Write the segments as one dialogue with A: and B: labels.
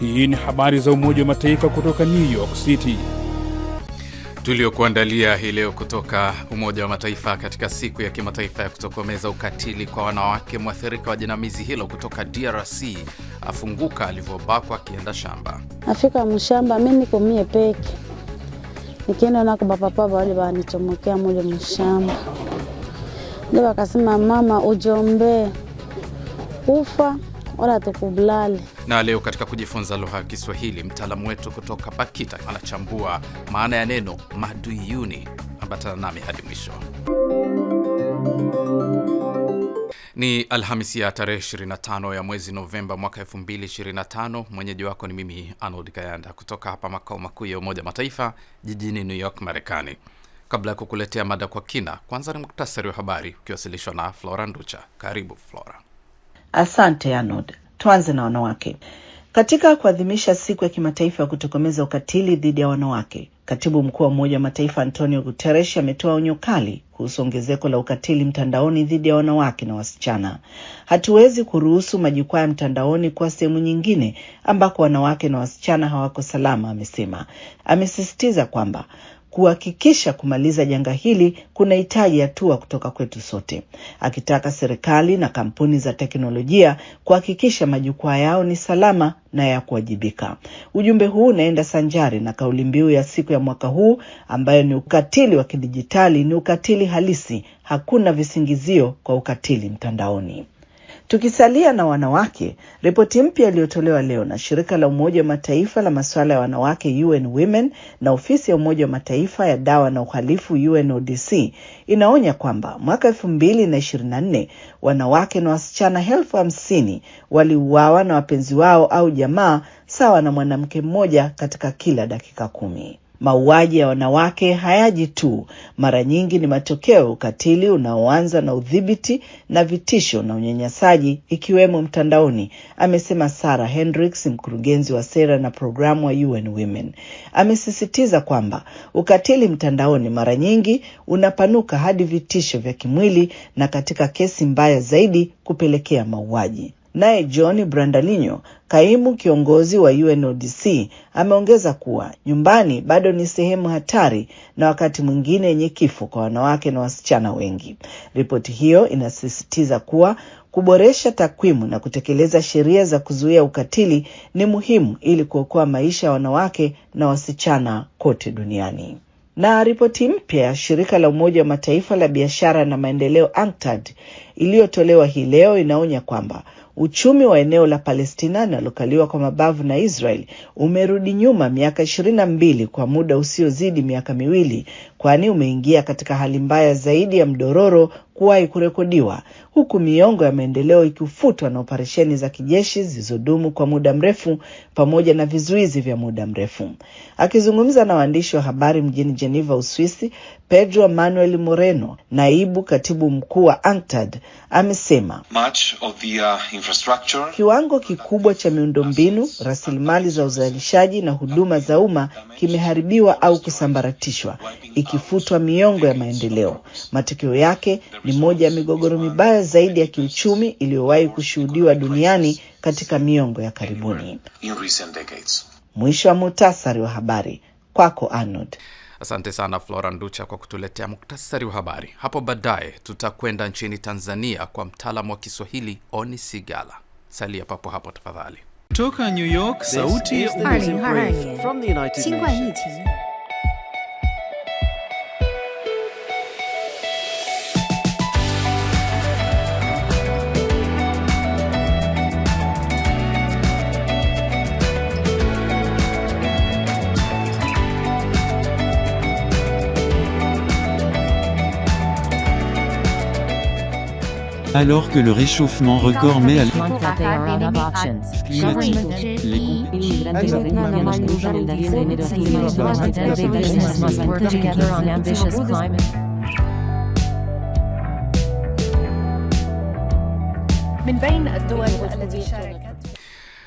A: Hii ni habari za Umoja wa Mataifa kutoka New York City tuliokuandalia hii leo kutoka Umoja wa Mataifa katika siku ya kimataifa ya kutokomeza ukatili kwa wanawake. Mwathirika wa jinamizi hilo kutoka DRC afunguka alivyobakwa akienda shamba.
B: Afika mshamba, mi niko mie peke, nikienda nako bapapaba wale wanichomokea mule mshamba, ndio wakasema mama ujombee kufa wala tukublali
A: na leo katika kujifunza lugha ya Kiswahili, mtaalamu wetu kutoka BAKITA anachambua maana ya neno maduyuni. Ambatana nami hadi mwisho. Ni Alhamisi ya tarehe 25 ya mwezi Novemba mwaka 2025. Mwenyeji wako ni mimi Arnold Kayanda kutoka hapa makao makuu ya Umoja Mataifa jijini New York, Marekani. Kabla ya kukuletea mada kwa kina, kwanza ni muktasari wa habari ukiwasilishwa na Flora Nducha. Karibu Flora.
C: Asante Arnold. Tuanze na wanawake. Katika kuadhimisha siku ya kimataifa ya kutokomeza ukatili dhidi ya wanawake, katibu mkuu wa Umoja wa Mataifa Antonio guteresh ametoa onyo kali kuhusu ongezeko la ukatili mtandaoni dhidi ya wanawake na wasichana. Hatuwezi kuruhusu majukwaa ya mtandaoni kuwa sehemu nyingine ambako wanawake na wasichana hawako salama, amesema. Amesisitiza kwamba Kuhakikisha kumaliza janga hili kunahitaji hatua kutoka kwetu sote, akitaka serikali na kampuni za teknolojia kuhakikisha majukwaa yao ni salama na ya kuwajibika. Ujumbe huu unaenda sanjari na kauli mbiu ya siku ya mwaka huu ambayo ni ukatili wa kidijitali ni ukatili halisi, hakuna visingizio kwa ukatili mtandaoni. Tukisalia na wanawake, ripoti mpya iliyotolewa leo na shirika la Umoja wa Mataifa la masuala ya wanawake UN Women na ofisi ya Umoja wa Mataifa ya dawa na uhalifu UNODC inaonya kwamba mwaka elfu mbili na ishirini na nne wanawake na wasichana elfu hamsini waliuawa na wapenzi wao au jamaa, sawa na mwanamke mmoja katika kila dakika kumi. Mauaji ya wanawake hayaji tu, mara nyingi ni matokeo ya ukatili unaoanza na udhibiti na vitisho na unyanyasaji, ikiwemo mtandaoni, amesema sara Hendricks, mkurugenzi wa sera na programu wa UN Women. Amesisitiza kwamba ukatili mtandaoni mara nyingi unapanuka hadi vitisho vya kimwili na katika kesi mbaya zaidi kupelekea mauaji. Naye John brandalinho kaimu kiongozi wa UNODC, ameongeza kuwa nyumbani bado ni sehemu hatari na wakati mwingine yenye kifo kwa wanawake na wasichana wengi. Ripoti hiyo inasisitiza kuwa kuboresha takwimu na kutekeleza sheria za kuzuia ukatili ni muhimu ili kuokoa maisha ya wanawake na wasichana kote duniani. Na ripoti mpya ya shirika la Umoja wa Mataifa la biashara na maendeleo, UNCTAD, iliyotolewa hii leo inaonya kwamba Uchumi wa eneo la Palestina linalokaliwa kwa mabavu na Israel umerudi nyuma miaka ishirini na mbili kwa muda usiozidi miaka miwili kwani umeingia katika hali mbaya zaidi ya mdororo kuwahi kurekodiwa, huku miongo ya maendeleo ikifutwa na operesheni za kijeshi zilizodumu kwa muda mrefu pamoja na vizuizi vya muda mrefu. Akizungumza na waandishi wa habari mjini Geneva, Uswisi, Pedro Manuel Moreno, naibu katibu mkuu wa UNCTAD, amesema Much of the, uh, infrastructure... kiwango kikubwa cha miundombinu, rasilimali za uzalishaji na huduma za umma kimeharibiwa au kusambaratishwa, ikifutwa miongo ya maendeleo. Matokeo yake ni moja ya migogoro mibaya zaidi ya kiuchumi iliyowahi kushuhudiwa duniani katika miongo ya karibuni. Mwisho wa muhtasari wa habari. Kwako Arnold.
A: Asante sana Flora Nducha kwa kutuletea muktasari wa habari. Hapo baadaye tutakwenda nchini Tanzania kwa mtaalamu wa Kiswahili Oni Sigala. Salia papo hapo tafadhali.
D: Kutoka New York, sauti ya
A: alors que le réchauffement record met à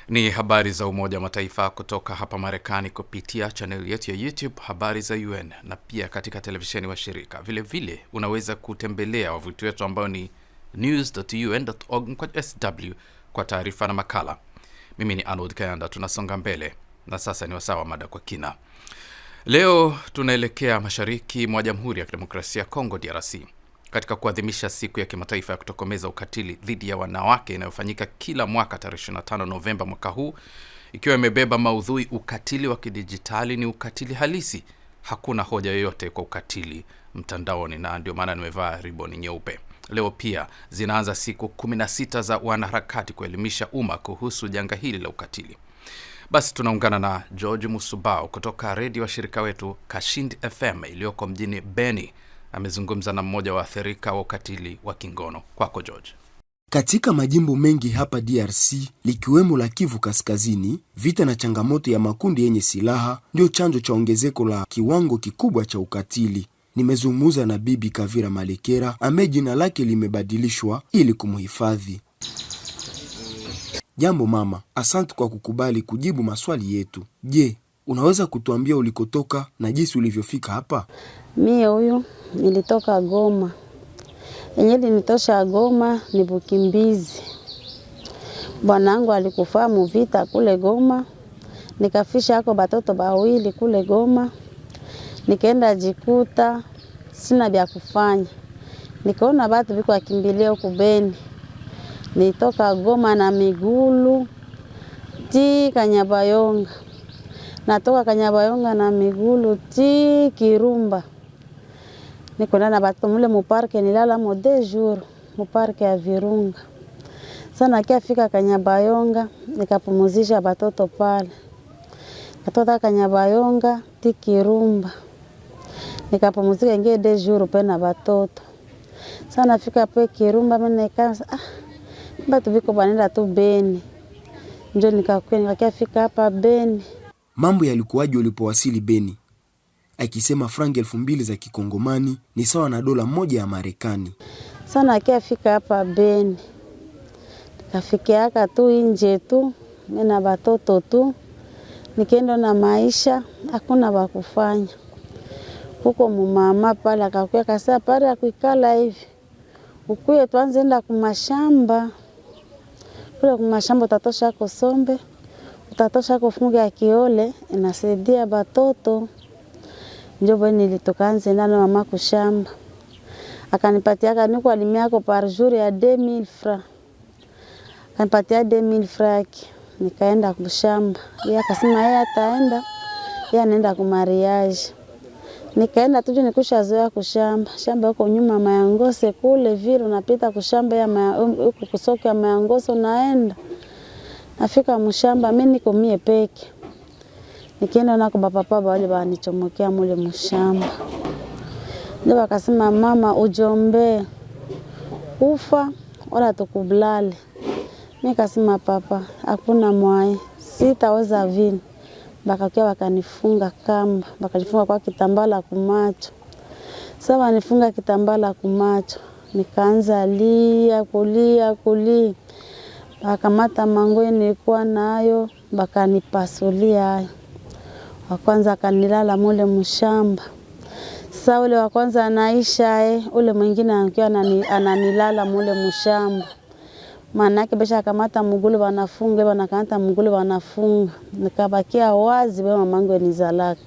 A: ni habari za Umoja wa Mataifa kutoka hapa Marekani kupitia chaneli yetu ya YouTube Habari za UN na pia katika televisheni washirika. Vilevile unaweza kutembelea wavuti wetu ambao ni news.un.org sw kwa taarifa na makala. Mimi ni Arnold Kayanda. Tunasonga mbele na sasa ni wasaa wa mada kwa kina. Leo tunaelekea mashariki mwa Jamhuri ya Kidemokrasia ya Kongo, DRC, katika kuadhimisha siku ya kimataifa ya kutokomeza ukatili dhidi ya wanawake inayofanyika kila mwaka tarehe 25 Novemba mwaka huu, ikiwa imebeba maudhui ukatili wa kidijitali ni ukatili halisi, hakuna hoja yoyote kwa ukatili mtandaoni, na ndio maana nimevaa riboni nyeupe. Leo pia zinaanza siku 16 za wanaharakati kuelimisha umma kuhusu janga hili la ukatili. Basi tunaungana na George Musubao kutoka redio washirika wetu Kashind FM iliyoko mjini Beni. Amezungumza na mmoja wa athirika wa ukatili wa kingono. Kwako George.
E: Katika majimbo mengi hapa DRC likiwemo la Kivu Kaskazini, vita na changamoto ya makundi yenye silaha ndio chanzo cha ongezeko la kiwango kikubwa cha ukatili. Nimezungumza na Bibi Kavira Malekera ambaye jina lake limebadilishwa ili kumhifadhi. Jambo mama, asante kwa kukubali kujibu maswali yetu. Je, unaweza kutuambia ulikotoka na jinsi ulivyofika hapa?
B: Mie huyu nilitoka Goma, yenye linitosha Goma ni bukimbizi. Bwanangu alikufaa muvita kule Goma, nikafisha ako batoto bawili kule Goma nikaenda jikuta sina vya kufanya, nikaona watu viko akimbilia huku Beni, nitoka Goma na migulu ti Kanyabayonga, natoka Kanyabayonga na migulu ti Kirumba, nikona na watu mule muparke, nilala mo deux jours muparke ya Virunga. Sana kia fika Kanyabayonga nikapumuzisha batoto pale, katoka Kanyabayonga ti Kirumba nikapumzika ingie dejuru pe na batoto sasa nafika pe Kirumba mimi nikaa ah, batu viko banenda tu Beni, njo nikakuya fika hapa Beni.
E: Mambo yalikuwaje ulipowasili Beni? Akisema frangi elfu mbili za kikongomani ni sawa na dola moja ya Marekani.
B: Sana akiafika hapa Beni kafikiaka tu inje tu mimi na batoto tu, nikienda na maisha hakuna wakufanya huko mumama pala akakuya kasa pale akuikala hivi ukuye tuanze twanzenda kumashamba kule kumashamba, utatosha kosombe utatosha ya kiole, inasaidia batoto. Njobo nilitokanzenda na mama kushamba, akanipatia kaniko alimiako par jour ya 2000 francs, akanipatia 2000 francs nikaenda kushamba. Yeye akasema yeye ataenda yeye anaenda kumariage Nikaenda tuju nikushazoea kushamba shamba huko nyuma Mayangose kule vile, unapita kushamba ya um, huko kusoko ya Mayangose, unaenda nafika mshamba, mimi niko mie peke. Nikaenda nako bapapa wale wanichomokea mule mshamba, ndio wakasema mama, ujombee ufa wala tukublale Mimi kasema papa, hakuna mwai, sitaweza vini bakakia wakanifunga kamba, bakanifunga kwa kitambala kumacho. Sasa wanifunga kitambala kumacho, nikaanza lia kulia kulia, bakamata manguo nilikuwa nayo bakanipasulia hayo. Wa kwanza akanilala mule mshamba. Sasa ule wa kwanza anaisha eh, ule mwingine akiwa ananilala mule mshamba maanake besha kamata mugulu wanafunga wanakamata mugulu wanafunga, nikabakia wazi we mamangu enizalaka.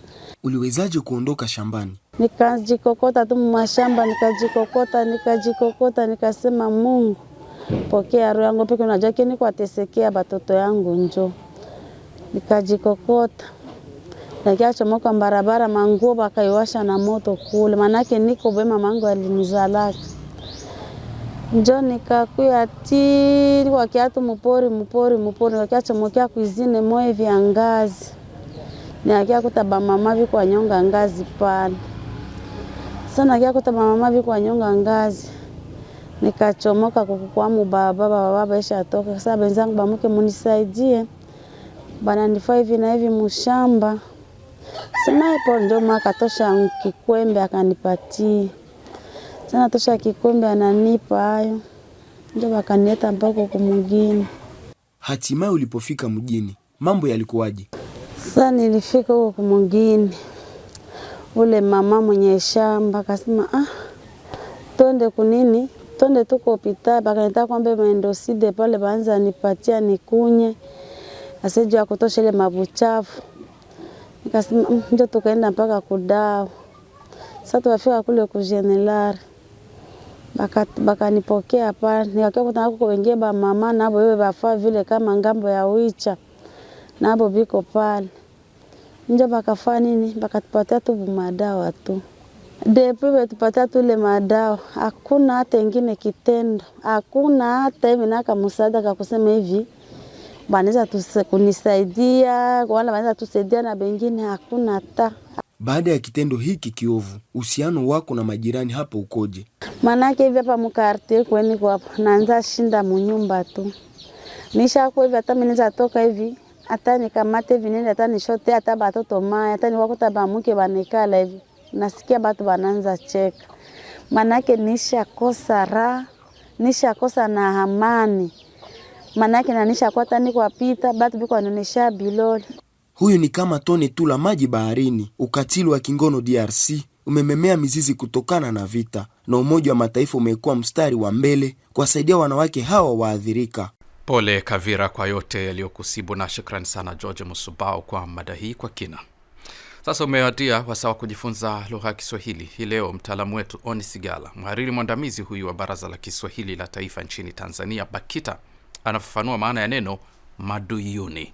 E: Uliwezaje kuondoka shambani?
B: Nikajikokota tu mashamba, nikajikokota nikajikokota, nikasema Mungu pokea roho yangu peke, unajua kini kuatesekea batoto yangu njo. Nikajikokota nikiachomoka barabara, manguo bakaiwasha na moto kule, maanake niko bwe mamangu alinizalaka njo nikakuya ti wakiatu mupori mupori mupori wakia chomokia kuizine moye vya ngazi niakia kutaba mama vikwanyonga ngazi pale sana nakia kutaba mama vikwanyonga ngazi nikachomoka kukukwamu baba baba baba isha atoka sasa benzangu bamuke munisaidie bana nifaa hivi na hivi mushamba sema ipo njo mwakatosha nkikwembe akanipatie sana tosha kikombe ananipa hayo, ndio wakanileta mpaka huko mjini.
E: Hatimaye ulipofika mjini, mambo yalikuwaje?
B: Sasa nilifika huko mjini, ule mama mwenye shamba akasema ah, twende kunini, twende tuko hospitali. Bakanita kwamba side pale baanza nipatia nikunye asiju ya kutosha ile mabuchafu, nikasema mm, ndio tukaenda mpaka kudao. Sasa tuwafika kule kujenerali bakanipokea hapa, nikakia kutana kuko wengie ba mama nabo wewe bafaa vile kama ngambo ya wicha nabo biko pale njo bakafaa nini, bakatupatia tu madawa tu depi betupatia tule madawa, hakuna hata ingine kitendo, hakuna hata hivi naka msaada kakusema hivi banaweza kunisaidia wala banaweza tusaidia na bengine, hakuna hata
E: baada ya kitendo hiki kiovu, uhusiano wako na majirani hapo ukoje?
B: Manake hivi hapa mukarte kweni kwapa naanza shinda munyumba tu nisha kwa hivi, hata mimi toka hivi hata nikamate vinene hata nishote hata batoto maya hata niwakuta bamuke banikala hivi, nasikia batu bananza cheka, manake nisha kosa ra nisha kosa na amani, manake na nisha kwa tani kwa pita batu biko wananisha biloli
E: Huyu ni kama tone tu la maji baharini. Ukatili wa kingono DRC umememea mizizi kutokana na vita, na Umoja wa Mataifa umekuwa mstari wa mbele kuwasaidia wanawake hawa waathirika.
A: Pole Kavira kwa yote yaliyokusibu, na shukrani sana George Musubao kwa mada hii kwa kina. Sasa umewadia wasaa wa kujifunza lugha ya Kiswahili hii leo. Mtaalamu wetu Oni Sigala, mhariri mwandamizi huyu wa Baraza la Kiswahili la Taifa nchini Tanzania, BAKITA, anafafanua maana ya neno maduyuni.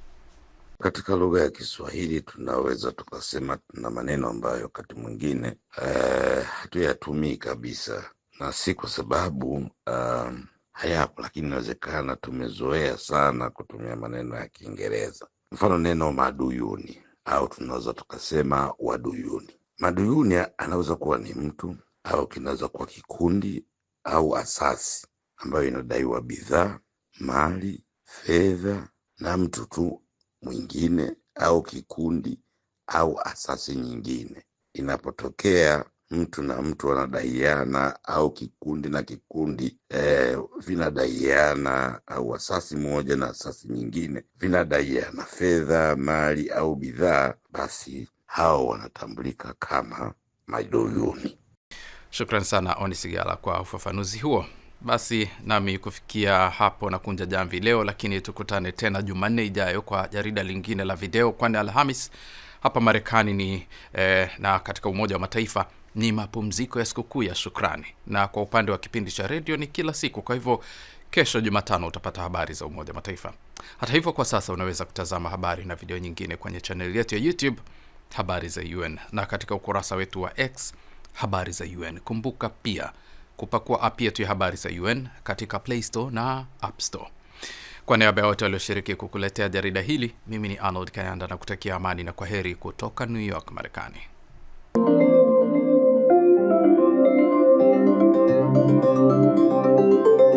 F: Katika lugha ya Kiswahili tunaweza tukasema tuna maneno ambayo wakati mwingine uh, hatuyatumii kabisa, na si kwa sababu uh, hayapo, lakini inawezekana tumezoea sana kutumia maneno ya Kiingereza. Mfano, neno maduyuni, au tunaweza tukasema waduyuni. Maduyuni anaweza kuwa ni mtu au kinaweza kuwa kikundi au asasi ambayo inadaiwa bidhaa, mali, fedha na mtu tu mwingine au kikundi au asasi nyingine. Inapotokea mtu na mtu wanadaiana au kikundi na kikundi eh, vinadaiana au asasi moja na asasi nyingine vinadaiana fedha, mali au bidhaa, basi hao wanatambulika kama madoyuni.
A: Shukran sana Oni Sigala kwa ufafanuzi huo. Basi nami kufikia hapo na kunja jamvi leo, lakini tukutane tena Jumanne ijayo kwa jarida lingine la video, kwani Alhamis hapa Marekani ni eh, na katika Umoja wa Mataifa ni mapumziko ya sikukuu ya Shukrani, na kwa upande wa kipindi cha redio ni kila siku. Kwa hivyo kesho Jumatano utapata habari za Umoja wa Mataifa. Hata hivyo, kwa sasa unaweza kutazama habari na video nyingine kwenye chaneli yetu ya YouTube habari za UN na katika ukurasa wetu wa X habari za UN. Kumbuka pia kupakua app yetu ya habari za UN katika Play Store na App Store. Kwa niaba ya wote walioshiriki kukuletea jarida hili, mimi ni Arnold Kayanda na kutakia amani na kwa heri kutoka New York, Marekani.